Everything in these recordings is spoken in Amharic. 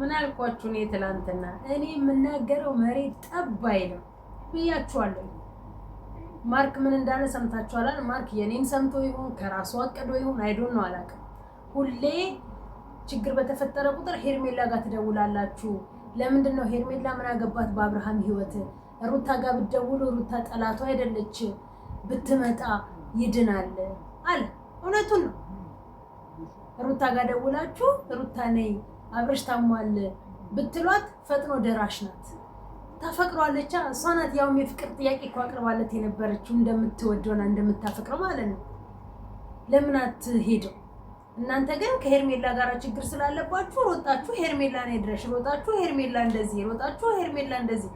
ምን አልኳችሁ? እኔ ትላንትና እኔ የምናገረው መሬት ጠብ አይልም ብያችኋለሁ። ማርክ ምን እንዳለ ሰምታችኋላል። ማርክ የኔን ሰምቶ ይሁን ከራሱ አቅዶ ይሁን አይዶን ነው አላውቅም። ሁሌ ችግር በተፈጠረ ቁጥር ሄርሜላ ጋር ትደውላላችሁ። ለምንድን ነው ሄርሜላ ምን አገባት በአብርሃም ህይወት? ሩታ ጋር ብትደውሉ ሩታ ጠላቱ አይደለች፣ ብትመጣ ይድናል አለ። እውነቱን ነው። ሩታ ጋር ደውላችሁ ሩታ ነይ አብረሽ ታሟል ብትሏት ፈጥኖ ደራሽ ናት። ታፈቅሯለቻ። እሷ ናት ያውም የፍቅር ጥያቄ እኮ አቅርባለት የነበረችው እንደምትወደውና እንደምታፈቅረው ማለት ነው። ለምን አትሄደው? እናንተ ግን ከሄርሜላ ጋር ችግር ስላለባችሁ ሮጣችሁ ሄርሜላን ሄድረሽ ሮጣችሁ ሄርሜላ እንደዚህ፣ ሮጣችሁ ሄርሜላ እንደዚህ።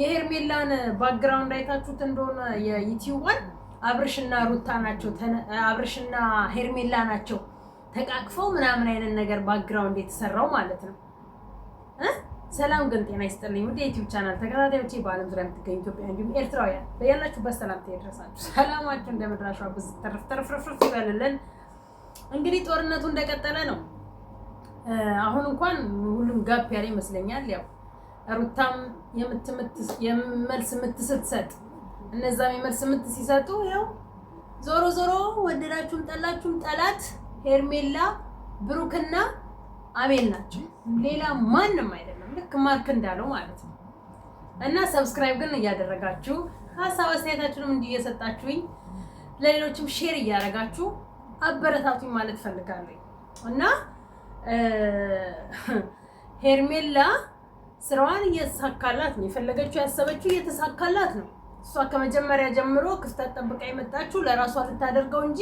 የሄርሜላን ባክግራውንድ አይታችሁት እንደሆነ የዩቲዩብ አብርሽና ሩታ ናቸው፣ አብርሽና ሄርሜላ ናቸው ተቃቅፈው ምናምን አይነት ነገር ባክግራውንድ የተሰራው ማለት ነው። ሰላም ግን ጤና ይስጥልኝ። ወደ ዩቲዩብ ቻናል ተከታታዮቼ በዓለም ዙሪያ የምትገኙ ኢትዮጵያ እንዲሁም ኤርትራውያን በያላችሁበት ሰላምታ ይድረሳችሁ። ሰላማችሁ እንደ ምድራሹ ብዙ ተርፍ ተርፍ ርፍ ይበልልን። እንግዲህ ጦርነቱ እንደቀጠለ ነው። አሁን እንኳን ሁሉም ጋፕ ያለ ይመስለኛል። ያው ሩታም የመልስ ምት ስትሰጥ፣ እነዛም የመልስ ምት ሲሰጡ ያው ዞሮ ዞሮ ወደዳችሁም ጠላችሁም ጠላት ሄርሜላ፣ ብሩክና አቤል ናቸው። ሌላ ማንም አይደለም። ልክ ማርክ እንዳለው ማለት ነው። እና ሰብስክራይብ ግን እያደረጋችሁ ሀሳብ አስተያየታችሁንም እንዲህ እየሰጣችሁኝ ለሌሎችም ሼር እያደረጋችሁ አበረታቱኝ ማለት ፈልጋለሁ። እና ሄርሜላ ስራዋን እየተሳካላት ነው። የፈለገችው ያሰበችው እየተሳካላት ነው። እሷ ከመጀመሪያ ጀምሮ ክፍተት ጠብቃ የመጣችው ለራሷ ልታደርገው እንጂ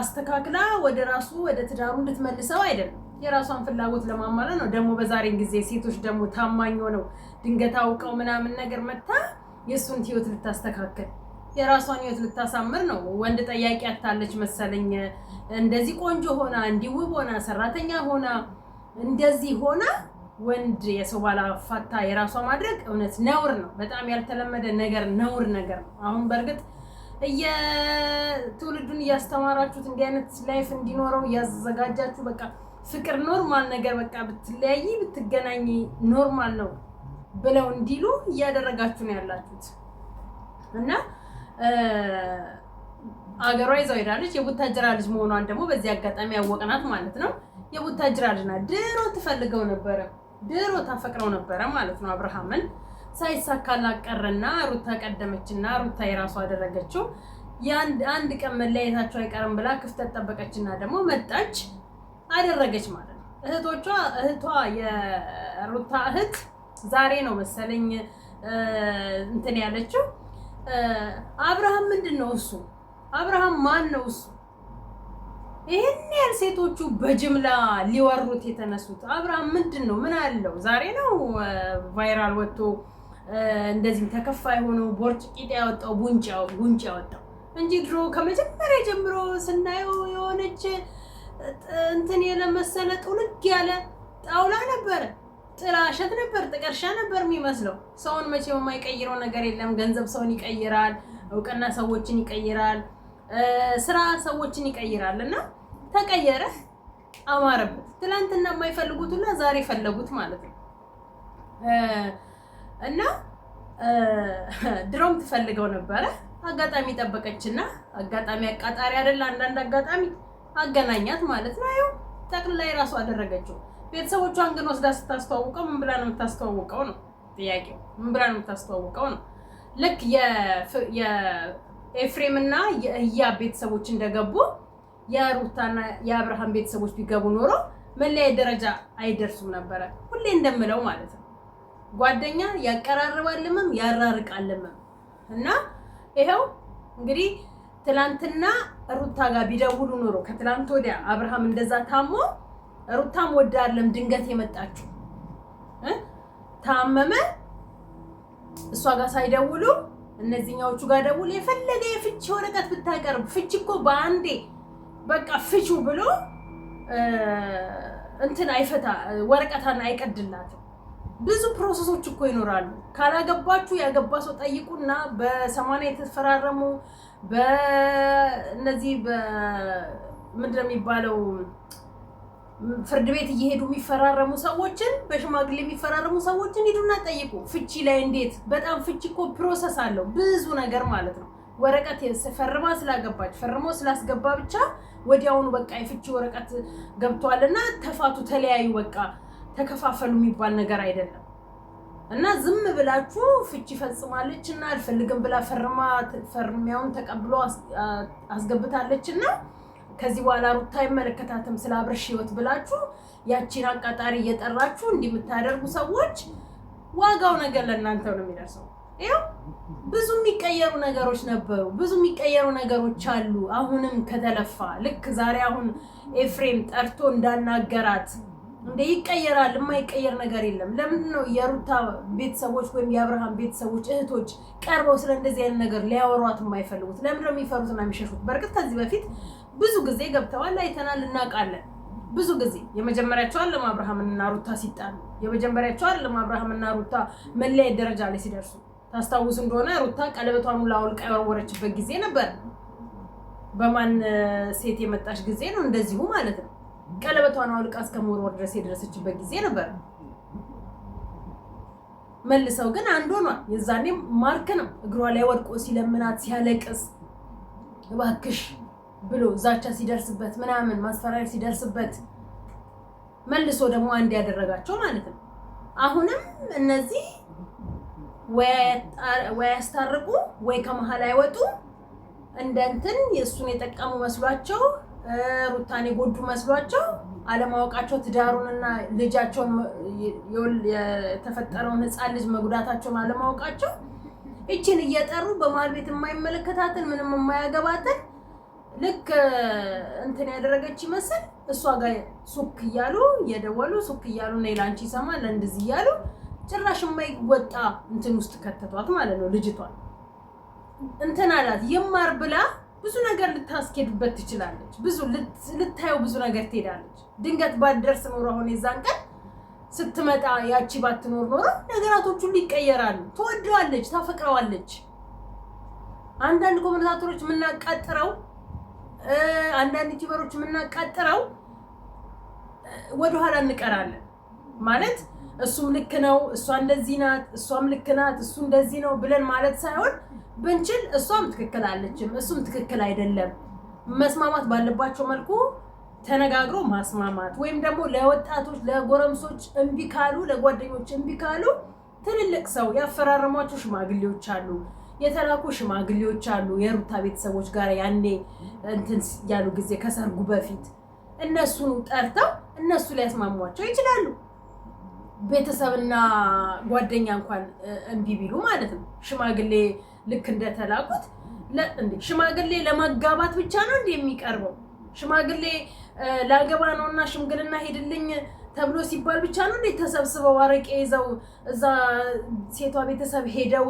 አስተካክላ ወደ ራሱ ወደ ትዳሩ እንድትመልሰው አይደለም። የራሷን ፍላጎት ለማሟላት ነው። ደግሞ በዛሬን ጊዜ ሴቶች ደግሞ ታማኝ ሆነው ድንገት አውቀው ምናምን ነገር መታ የእሱን ህይወት ልታስተካከል የራሷን ህይወት ልታሳምር ነው። ወንድ ጠያቂ አታለች መሰለኝ። እንደዚህ ቆንጆ ሆና እንዲውብ ሆና ሰራተኛ ሆና እንደዚህ ሆና ወንድ የሰው ፋታ የራሷ ማድረግ እውነት ነውር ነው። በጣም ያልተለመደ ነገር ነውር ነገር ነው። አሁን በእርግጥ ትውልዱን እያስተማራችሁት እንዲህ አይነት ላይፍ እንዲኖረው እያዘጋጃችሁ በቃ ፍቅር ኖርማል ነገር በቃ ብትለያይ ብትገናኝ ኖርማል ነው ብለው እንዲሉ እያደረጋችሁ ነው ያላችሁት እና አገሯ ይዛው ሄዳለች። የቡታጅራ ልጅ መሆኗን ደግሞ በዚህ አጋጣሚ ያወቅናት ማለት ነው። የቡታጅራ ልጅ ናት። ድሮ ትፈልገው ነበረ፣ ድሮ ታፈቅረው ነበረ ማለት ነው አብርሃምን ሳይሳካላት ቀረና ሩታ ቀደመችና ሩታ የራሷ አደረገችው። አንድ ቀን መለያየታቸው አይቀርም ብላ ክፍተት ጠበቀችና ደግሞ መጣች አደረገች ማለት ነው። እህቶቿ እህቷ የሩታ እህት ዛሬ ነው መሰለኝ እንትን ያለችው አብርሃም ምንድን ነው እሱ? አብርሃም ማን ነው እሱ? ይህን ያህል ሴቶቹ በጅምላ ሊወሩት የተነሱት አብርሃም ምንድን ነው? ምን አለው? ዛሬ ነው ቫይራል ወጥቶ እንደዚህ ተከፋ የሆነው ቦርጭ ቂጥ ያወጣው ጉንጭ ጉንጭ ያወጣው እንጂ ድሮ ከመጀመሪያ ጀምሮ ስናየው የሆነች እንትን የለመሰለ ጥንግ ያለ ጣውላ ነበረ። ጥላሸት ነበር፣ ጥቀርሻ ነበር የሚመስለው። ሰውን መቼም የማይቀይረው ነገር የለም። ገንዘብ ሰውን ይቀይራል፣ እውቅና ሰዎችን ይቀይራል፣ ስራ ሰዎችን ይቀይራል። እና ተቀየረ፣ አማረበት። ትናንትና የማይፈልጉት ዛሬ ፈለጉት ማለት ነው። እና ድሮም ትፈልገው ነበረ። አጋጣሚ ጠበቀችና አጋጣሚ አቃጣሪ አይደል? አንዳንድ አጋጣሚ አገናኛት ማለት ነው። ይኸው ጠቅላይ ራሱ አደረገችው። ቤተሰቦቿን ግን ወስዳ ስታስተዋውቀው ምን ብላ ነው የምታስተዋውቀው ነው ጥያቄው። ምን ብላ ነው የምታስተዋውቀው ነው። ልክ የኤፍሬም እና የእያ ቤተሰቦች እንደገቡ የሩታና የአብርሃም ቤተሰቦች ቢገቡ ኖሮ መለያየት ደረጃ አይደርሱም ነበረ። ሁሌ እንደምለው ማለት ነው ጓደኛ ያቀራርባልምም ያራርቃልምም። እና ይኸው እንግዲህ ትላንትና ሩታ ጋር ቢደውሉ ኖሮ ከትላንት ወዲያ አብርሃም እንደዛ ታሞ ሩታም ወዳለም ድንገት የመጣችው ታመመ እሷ ጋር ሳይደውሉ እነዚህኛዎቹ ጋር ደውሉ። የፈለገ የፍች ወረቀት ብታቀርብ ፍች እኮ በአንዴ በቃ ፍቹ ብሎ እንትን አይፈታ ወረቀታን አይቀድላትም። ብዙ ፕሮሰሶች እኮ ይኖራሉ። ካላገባችሁ ያገባ ሰው ጠይቁና በሰማንያ የተፈራረሙ በእነዚህ ምንድን ነው የሚባለው ፍርድ ቤት እየሄዱ የሚፈራረሙ ሰዎችን በሽማግሌ የሚፈራረሙ ሰዎችን ሂዱና ጠይቁ። ፍቺ ላይ እንዴት በጣም ፍቺ እኮ ፕሮሰስ አለው ብዙ ነገር ማለት ነው። ወረቀት ፈርማ ስላገባች ፈርሞ ስላስገባ ብቻ ወዲያውኑ በቃ የፍቺ ወረቀት ገብቷልና ተፋቱ፣ ተለያዩ በቃ ተከፋፈሉ የሚባል ነገር አይደለም። እና ዝም ብላችሁ ፍቺ ፈጽማለች እና አልፈልግም ብላ ፈርማ ፈርሚያውን ተቀብሎ አስገብታለች እና ከዚህ በኋላ ሩታ አይመለከታትም ስለ አብርሽ ህይወት ብላችሁ ያቺን አቃጣሪ እየጠራችሁ እንዲህ የምታደርጉ ሰዎች ዋጋው ነገር ለእናንተ ነው የሚደርሰው። ያው ብዙ የሚቀየሩ ነገሮች ነበሩ፣ ብዙ የሚቀየሩ ነገሮች አሉ። አሁንም ከተለፋ ልክ ዛሬ አሁን ኤፍሬም ጠርቶ እንዳናገራት እንደ ይቀየራል። የማይቀየር ነገር የለም። ለምንድን ነው የሩታ ቤተሰቦች ወይም የአብርሃም ቤተሰቦች እህቶች ቀርበው ስለ እንደዚህ አይነት ነገር ሊያወሯት የማይፈልጉት? ለምንድን ነው የሚፈሩትና የሚሸሹት? በእርግጥ ከዚህ በፊት ብዙ ጊዜ ገብተዋል፣ አይተናል፣ እናውቃለን። ብዙ ጊዜ የመጀመሪያቸው ዓለም እና ሩታ ሲጣሉ፣ የመጀመሪያቸው ዓለም አብርሃምና ሩታ መለያየት ደረጃ ላይ ሲደርሱ ታስታውስ እንደሆነ ሩታ ቀለበቷን ሙሉ አውልቃ የወረወረችበት ጊዜ ነበር። በማን ሴት የመጣች ጊዜ ነው እንደዚሁ ማለት ነው ቀለበቷን አውልቃ እስከ መወርወር ድረስ የደረሰችበት ጊዜ ነበር። መልሰው ግን አንድ ነው የዛኔ ማርክ ነው እግሯ ላይ ወድቆ ሲለምናት ሲያለቅስ እባክሽ ብሎ ዛቻ ሲደርስበት ምናምን ማስፈራሪያ ሲደርስበት መልሶ ደግሞ አንድ ያደረጋቸው ማለት ነው። አሁንም እነዚህ ወይ ያስታርቁ ወይ ከመሀል አይወጡ እንደንትን የእሱን የጠቀሙ መስሏቸው ሩታን የጎዱ መስሏቸው አለማወቃቸው ትዳሩንና ልጃቸውን የተፈጠረውን ህፃን ልጅ መጉዳታቸውን አለማወቃቸው እችን እየጠሩ በመሀል ቤት የማይመለከታትን ምንም የማያገባትን ልክ እንትን ያደረገች ይመስል እሷ ጋር ሱክ እያሉ እየደወሉ ሱክ እያሉ ና ላንቺ ይሰማል እንደዚህ እያሉ ጭራሽ የማይወጣ እንትን ውስጥ ከተቷት ማለት ነው። ልጅቷን እንትን አላት ይማር ብላ ብዙ ነገር ልታስኬድበት ትችላለች። ብዙ ልታየው ብዙ ነገር ትሄዳለች። ድንገት ባደርስ ኖሮ አሁን የዛን ቀን ስትመጣ ያቺ ባትኖር ኖሮ ነገራቶች ሁሉ ይቀየራሉ። ትወደዋለች፣ ታፈቅረዋለች። አንዳንድ ኮመንታተሮች የምናቃጥረው አንዳንድ ዩቲዩበሮች የምናቃጥረው ወደኋላ እንቀራለን ማለት እሱም ልክ ነው፣ እሷ እንደዚህ ናት፣ እሷም ልክ ናት፣ እሱ እንደዚህ ነው ብለን ማለት ሳይሆን ብንችል እሷም ትክክል አለችም፣ እሱም ትክክል አይደለም፣ መስማማት ባለባቸው መልኩ ተነጋግሮ ማስማማት ወይም ደግሞ ለወጣቶች ለጎረምሶች እምቢ ካሉ ለጓደኞች እምቢ ካሉ ትልልቅ ሰው ያፈራረሟቸው ሽማግሌዎች አሉ፣ የተላኩ ሽማግሌዎች አሉ። የሩታ ቤተሰቦች ጋር ያኔ እንትን ያሉ ጊዜ ከሰርጉ በፊት እነሱን ጠርተው እነሱ ሊያስማሟቸው ይችላሉ። ቤተሰብና ጓደኛ እንኳን እምቢ ቢሉ ማለት ነው። ሽማግሌ ልክ እንደተላኩት ሽማግሌ ለመጋባት ብቻ ነው እንዲ የሚቀርበው ሽማግሌ ላገባ ነው እና ሽምግልና ሄድልኝ ተብሎ ሲባል ብቻ ነው እንዴት ተሰብስበው አረቄ ይዘው እዛ ሴቷ ቤተሰብ ሄደው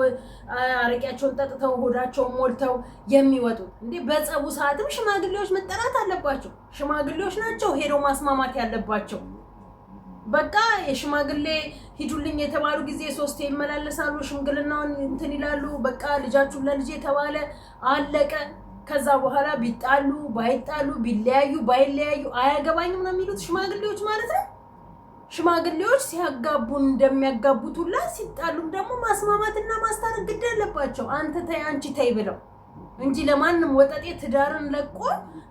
አረቄያቸውን ጠጥተው ሆዳቸውን ሞልተው የሚወጡት? እንዴ በጸቡ ሰዓትም ሽማግሌዎች መጠራት አለባቸው። ሽማግሌዎች ናቸው ሄደው ማስማማት ያለባቸው። በቃ የሽማግሌ ሂዱልኝ የተባሉ ጊዜ ሶስቴ ይመላለሳሉ። ሽምግልናውን እንትን ይላሉ። በቃ ልጃችሁን ለልጄ የተባለ አለቀ። ከዛ በኋላ ቢጣሉ ባይጣሉ ቢለያዩ ባይለያዩ አያገባኝም ነው የሚሉት ሽማግሌዎች ማለት ነው። ሽማግሌዎች ሲያጋቡን እንደሚያጋቡት ሁላ ሲጣሉም ደግሞ ማስማማትና ማስታረቅ ግድ አለባቸው። አንተ ተይ አንቺ ተይ ብለው እንጂ ለማንም ወጠጤ ትዳርን ለቆ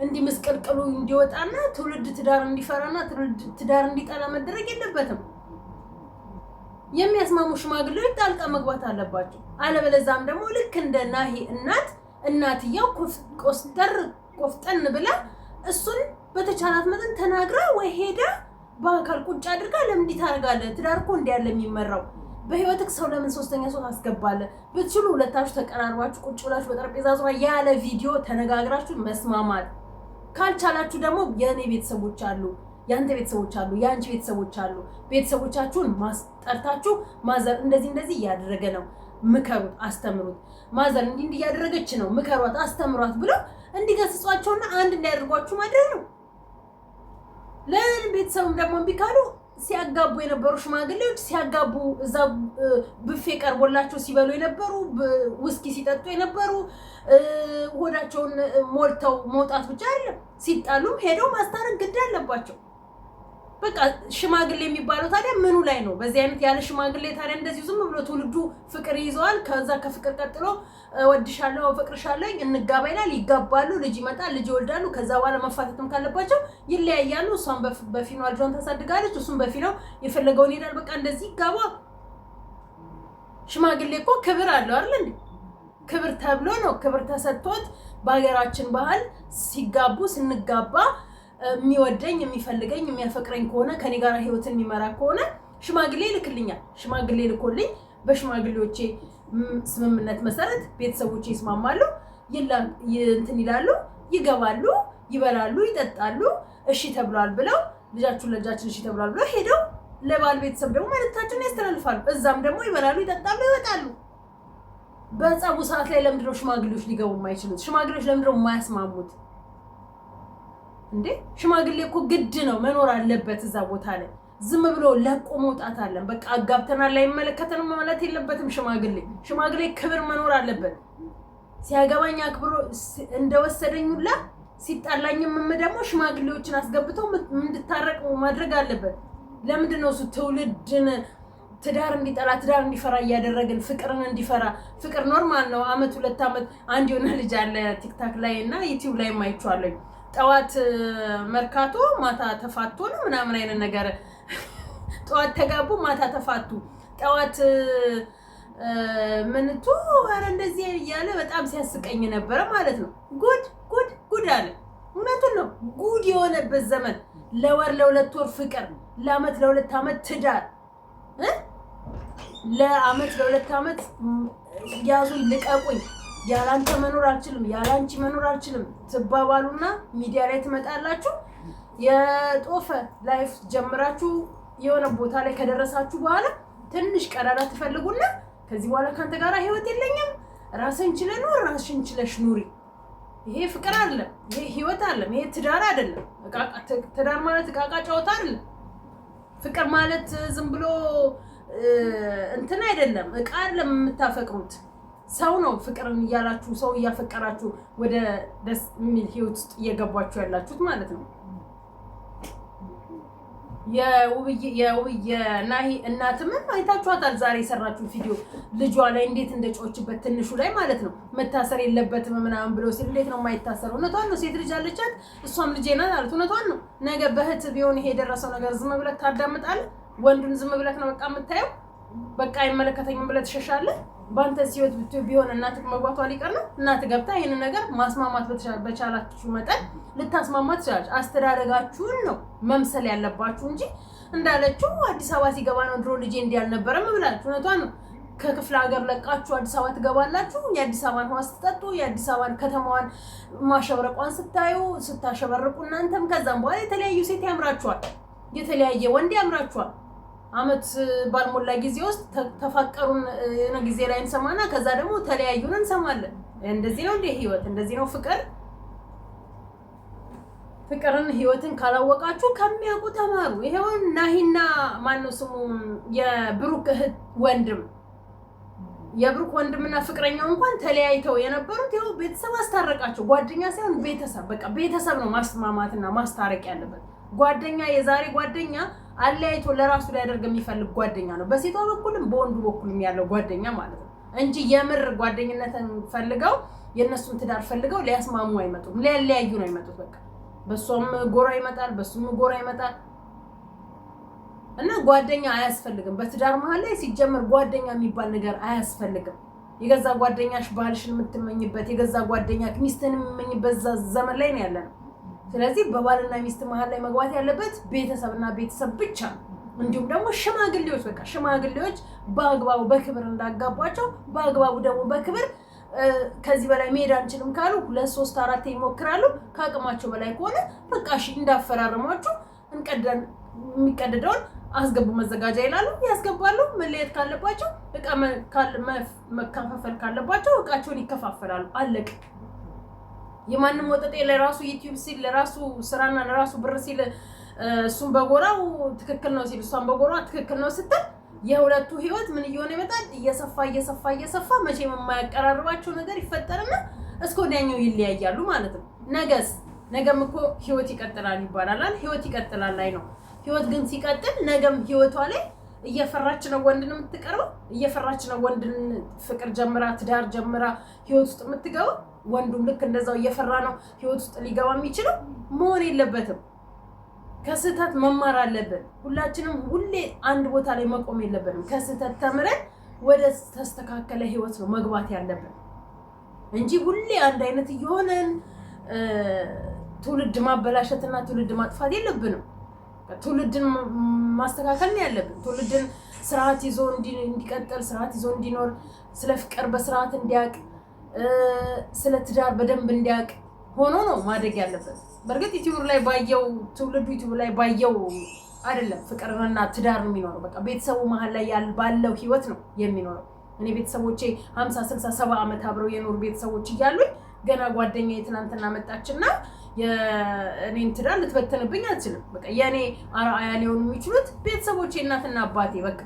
እንዲህ ምስቅልቅሉ እንዲወጣና ትውልድ ትዳር እንዲፈራና ትውልድ ትዳር እንዲጠላ መደረግ የለበትም። የሚያስማሙ ሽማግሌዎች ጣልቃ መግባት አለባቸው። አለበለዚያም ደግሞ ልክ እንደ ናሂ እናት እናትየው ቆፍጠር ቆፍጠን ብላ እሱን በተቻላት መጠን ተናግራ ወይ ሄዳ በአካል ቁጭ አድርጋ ለምን እንዲህ ታደርጋለህ? ትዳር እኮ የሚመራው በህይወት ሰው ለምን ሶስተኛ ሰው ታስገባለህ? ብትችሉ ሁለታችሁ ተቀራርባችሁ ቁጭ ብላችሁ በጠረጴዛ ዙሪያ ያለ ቪዲዮ ተነጋግራችሁ መስማማት። ካልቻላችሁ ደግሞ የእኔ ቤተሰቦች አሉ፣ የአንተ ቤተሰቦች አሉ፣ የአንቺ ቤተሰቦች አሉ። ቤተሰቦቻችሁን ማስጠርታችሁ ማዘር እንደዚህ እንደዚህ እያደረገ ነው ምከሩት፣ አስተምሩት። ማዘር እንዲህ እንዲህ እያደረገች ነው ምከሯት፣ አስተምሯት ብለው እንዲገስጿቸውና አንድ እንዲያደርጓችሁ ማድረግ ነው። ለምን ቤተሰቡም ደግሞ እምቢ ካሉ ሲያጋቡ የነበሩ ሽማግሌዎች ሲያጋቡ እዛ ብፌ ቀርቦላቸው ሲበሉ የነበሩ ውስኪ ሲጠጡ የነበሩ ሆዳቸውን ሞልተው መውጣት ብቻ አይደለም፣ ሲጣሉም ሄደው ማስታረቅ ግድ አለባቸው። በቃ ሽማግሌ የሚባለው ታዲያ ምኑ ላይ ነው? በዚህ አይነት ያለ ሽማግሌ ታዲያ እንደዚሁ ዝም ብሎ ትውልዱ ፍቅር ይዘዋል። ከዛ ከፍቅር ቀጥሎ ወድሻለሁ፣ ፍቅርሻለኝ፣ እንጋባ ይላል። ይጋባሉ፣ ልጅ ይመጣል፣ ልጅ ይወልዳሉ። ከዛ በኋላ መፋተትም ካለባቸው ይለያያሉ። እሷን በፊኗ ልጇን ታሳድጋለች፣ እሱም በፊናው የፈለገውን ይሄዳል። በቃ እንደዚህ ይጋባ። ሽማግሌ እኮ ክብር አለው አይደል እንዴ? ክብር ተብሎ ነው ክብር ተሰጥቶት በሀገራችን ባህል ሲጋቡ ስንጋባ የሚወደኝ የሚፈልገኝ የሚያፈቅረኝ ከሆነ ከኔ ጋር ህይወትን የሚመራ ከሆነ ሽማግሌ ይልክልኛል። ሽማግሌ ልኮልኝ በሽማግሌዎቼ ስምምነት መሰረት ቤተሰቦቼ ይስማማሉ፣ እንትን ይላሉ፣ ይገባሉ፣ ይበላሉ፣ ይጠጣሉ። እሺ ተብሏል ብለው ልጃችሁን ለልጃችን እሺ ተብሏል ብለው ሄደው ለባል ቤተሰብ ደግሞ መልእክታቸውን ያስተላልፋሉ። እዛም ደግሞ ይበላሉ፣ ይጠጣሉ፣ ይወጣሉ። በፀቡ ሰዓት ላይ ለምንድነው ሽማግሌዎች ሊገቡ የማይችሉት? ሽማግሌዎች ለምንድነው የማያስማሙት? እንዴ ሽማግሌ እኮ ግድ ነው መኖር አለበት እዛ ቦታ ላይ። ዝም ብሎ ለቆ መውጣት አለን በቃ አጋብተናል አይመለከተንም ማለት የለበትም። ሽማግሌ ሽማግሌ ክብር መኖር አለበት። ሲያገባኝ አክብሮ እንደወሰደኝ ሁላ ሲጣላኝም ደግሞ ሽማግሌዎችን አስገብተው እንድታረቅ ማድረግ አለበት። ለምንድን ነው እሱ ትውልድን ትዳር እንዲጠላ ትዳር እንዲፈራ እያደረግን ፍቅርን እንዲፈራ ፍቅር ኖርማል ነው። አመት ሁለት አመት አንድ የሆነ ልጅ አለ ቲክታክ ላይ እና ዩቲዩብ ላይ ማይቸዋለኝ ጠዋት መርካቶ ማታ ተፋቶ ነው ምናምን አይነት ነገር። ጠዋት ተጋቡ ማታ ተፋቱ። ጠዋት ምንቱ ኧረ እንደዚህ እያለ በጣም ሲያስቀኝ ነበረ ማለት ነው። ጉድ ጉድ ጉድ አለ። እውነቱን ነው። ጉድ የሆነበት ዘመን ለወር ለሁለት ወር ፍቅር፣ ለአመት ለሁለት አመት ትዳር፣ ለአመት ለሁለት አመት ያዙን ልቀቁኝ ያላንተ መኖር አልችልም፣ ያላንቺ መኖር አልችልም ትባባሉና ሚዲያ ላይ ትመጣላችሁ። የጦፈ ላይፍ ጀምራችሁ የሆነ ቦታ ላይ ከደረሳችሁ በኋላ ትንሽ ቀዳዳ ትፈልጉና ከዚህ በኋላ ከአንተ ጋር ህይወት የለኝም፣ ራስን ችለ ኑር፣ ራስሽን ችለሽ ኑሪ። ይሄ ፍቅር አይደለም፣ ይሄ ህይወት አይደለም፣ ይሄ ትዳር አይደለም። ትዳር ማለት እቃቃ ጨዋታ አይደለም። ፍቅር ማለት ዝም ብሎ እንትን አይደለም፣ እቃ አይደለም የምታፈቅሩት ሰው ነው ፍቅርን እያላችሁ ሰው እያፈቀራችሁ ወደ ደስ የሚል ህይወት ውስጥ እየገባችሁ ያላችሁት ማለት ነው። የናሂ እናትም አይታችኋታል። ዛሬ የሰራችሁ ቪዲዮ ልጇ ላይ እንዴት እንደጮችበት ትንሹ ላይ ማለት ነው። መታሰር የለበትም ምናምን ብሎ ሲል እንዴት ነው የማይታሰረው? እውነቷን ነው። ሴት ልጅ አለቻት፣ እሷም ልጄ ናት አሉት። እውነቷን ነው። ነገ በህት ቢሆን ይሄ የደረሰው ነገር ዝም ብለህ ታዳምጣለህ? ወንዱን ዝም ብለህ ነው በቃ የምታየው በቃ አይመለከተኝም ብለህ ትሸሻለህ። በአንተ ሲወት ብት ቢሆን እናትህ መግባቷ ሊቀር ነው። እናትህ ገብታ ይህን ነገር ማስማማት በቻላችሁ መጠን ልታስማማ ትችላለች። አስተዳደጋችሁን ነው መምሰል ያለባችሁ እንጂ እንዳለችው አዲስ አበባ ሲገባ ነው ድሮ ልጄ እንዲህ አልነበረም ብላለች። እውነቷ ነው። ከክፍለ ሀገር ለቃችሁ አዲስ አበባ ትገባላችሁ። የአዲስ አበባን ውሃ ስትጠጡ የአዲስ አበባን ከተማዋን ማሸብረቋን ስታዩ ስታሸበርቁ እናንተም ከዛም በኋላ የተለያዩ ሴት ያምራችኋል፣ የተለያየ ወንድ ያምራችኋል። አመት ባልሞላ ጊዜ ውስጥ ተፋቀሩን ጊዜ ላይ እንሰማና ከዛ ደግሞ ተለያዩን እንሰማለን። እንደዚህ ነው እንደ ህይወት፣ እንደዚህ ነው ፍቅር። ፍቅርን ህይወትን ካላወቃችሁ ከሚያውቁ ተማሩ። ይሄውን ናሂና ማነው ስሙ የብሩክ እህት ወንድም የብሩክ ወንድምና ፍቅረኛው እንኳን ተለያይተው የነበሩት ይኸው ቤተሰብ አስታረቃቸው። ጓደኛ ሳይሆን ቤተሰብ፣ በቃ ቤተሰብ ነው ማስማማትና ማስታረቅ ያለበት። ጓደኛ የዛሬ ጓደኛ አለያይቶ ለራሱ ሊያደርግ የሚፈልግ ጓደኛ ነው። በሴቷ በኩልም በወንዱ በኩልም ያለው ጓደኛ ማለት ነው እንጂ የምር ጓደኝነትን ፈልገው የእነሱን ትዳር ፈልገው ሊያስማሙ አይመጡም። ሊያለያዩ ነው አይመጡት። በቃ በእሷም ጎራ ይመጣል፣ በሱም ጎራ ይመጣል እና ጓደኛ አያስፈልግም። በትዳር መሀል ላይ ሲጀምር ጓደኛ የሚባል ነገር አያስፈልግም። የገዛ ጓደኛሽ ባልሽን የምትመኝበት የገዛ ጓደኛ ሚስትን የምመኝበት ዘመን ላይ ነው ያለነው። ስለዚህ በባልና ሚስት መሀል ላይ መግባት ያለበት ቤተሰብና ቤተሰብ ብቻ ነው። እንዲሁም ደግሞ ሽማግሌዎች በቃ ሽማግሌዎች በአግባቡ በክብር እንዳጋቧቸው በአግባቡ ደግሞ በክብር ከዚህ በላይ መሄድ አንችልም ካሉ ሁለት ሶስት አራት ይሞክራሉ። ከአቅማቸው በላይ ከሆነ በቃ እሺ እንቀደን የሚቀደደውን አስገቡ መዘጋጃ ይላሉ፣ ያስገባሉ። መለየት ካለባቸው እቃ መካፈል ካለባቸው እቃቸውን ይከፋፈላሉ። አለቅ የማንም ወጠጤ ለራሱ ዩቲዩብ ሲል ለራሱ ስራና ለራሱ ብር ሲል እሱም በጎራው ትክክል ነው ሲል እሷን በጎራ ትክክል ነው ስትል የሁለቱ ህይወት ምን እየሆነ ይመጣል? እየሰፋ እየሰፋ እየሰፋ መቼም የማያቀራርባቸው ነገር ይፈጠርና እስከ ወዲያኛው ይለያያሉ ማለት ነው። ነገስ ነገም እኮ ህይወት ይቀጥላል ይባላል። ህይወት ይቀጥላል ላይ ነው። ህይወት ግን ሲቀጥል ነገም ህይወቷ ላይ እየፈራች ነው ወንድን የምትቀርበው፣ እየፈራች ነው ወንድን ፍቅር ጀምራ ትዳር ጀምራ ህይወት ውስጥ የምትገባው። ወንዱም ልክ እንደዛው እየፈራ ነው ህይወት ውስጥ ሊገባ የሚችለው መሆን የለበትም። ከስህተት መማር አለብን። ሁላችንም ሁሌ አንድ ቦታ ላይ መቆም የለብንም። ከስህተት ተምረን ወደ ተስተካከለ ህይወት ነው መግባት ያለብን እንጂ ሁሌ አንድ አይነት እየሆነን ትውልድ ማበላሸትና ትውልድ ማጥፋት የለብንም። ትውልድን ማስተካከል ነው ያለብን። ትውልድን ስርዓት ይዞ እንዲቀጥል፣ ስርዓት ይዞ እንዲኖር፣ ስለ ፍቅር በስርዓት እንዲያውቅ ስለ ትዳር በደንብ እንዲያውቅ ሆኖ ነው ማድረግ ያለበት። በእርግጥ ዩቲዩብ ላይ ባየው ትውልዱ ዩቲዩብ ላይ ባየው አይደለም ፍቅርና ትዳር ነው የሚኖረው። በቃ ቤተሰቡ መሀል ላይ ባለው ህይወት ነው የሚኖረው። እኔ ቤተሰቦቼ ሀምሳ ስልሳ ሰባ ዓመት አብረው የኖሩ ቤተሰቦች እያሉኝ ገና ጓደኛ የትናንትና መጣችና የእኔን ትዳር ልትበተንብኝ አልችልም። በቃ የእኔ አርአያ ሊሆኑ የሚችሉት ቤተሰቦቼ እናትና አባቴ፣ በቃ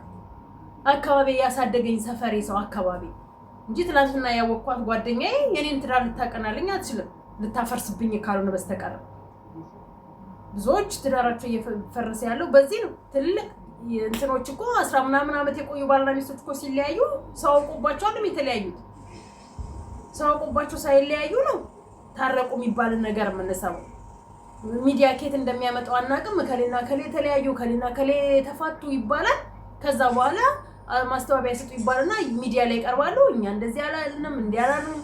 አካባቢ ያሳደገኝ ሰፈሬ ሰው አካባቢ እንጂ ትናንትና ያወቅኳት ጓደኛዬ የኔን ትዳር ልታቀናልኝ አትችልም፣ ልታፈርስብኝ ካልሆነ በስተቀር። ብዙዎች ትዳራቸው እየፈረሰ ያለው በዚህ ነው። ትልቅ እንትኖች እኮ አስራ ምናምን ዓመት የቆዩ ባልና ሚስቶች እኮ ሲለያዩ ሰው አውቆባቸዋልም የተለያዩት ሰው አውቆባቸው ሳይለያዩ ነው ታረቁ የሚባልን ነገር የምንሰማው። ሚዲያ ኬት እንደሚያመጣው አናውቅም። ከሌና ከሌ የተለያዩ ከሌና ከሌ ተፋቱ ይባላል ከዛ በኋላ ማስተባበያ ሰጡ ይባልና ሚዲያ ላይ ይቀርባሉ። እኛ እንደዚህ አላልንም እንዲህ አላልንም።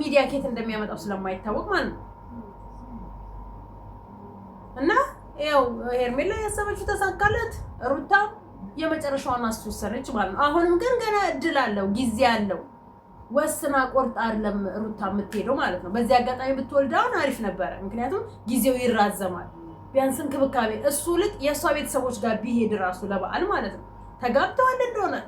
ሚዲያ ኬት እንደሚያመጣው ስለማይታወቅ ማለት ነው። እና ያው ሄርሜላ ያሰበችው ተሳካለት። ሩታ የመጨረሻዋን አስወሰነች ማለት ነው። አሁንም ግን ገና እድል አለው፣ ጊዜ አለው። ወስና ቆርጣ አይደለም ሩታ የምትሄደው ማለት ነው። በዚህ አጋጣሚ ብትወልድ አሁን አሪፍ ነበረ፣ ምክንያቱም ጊዜው ይራዘማል። ቢያንስ እንክብካቤ እሱ ልቅ የእሷ ቤተሰቦች ጋር ቢሄድ ራሱ ለበዓል ማለት ነው ተጋብተዋል እንደሆነ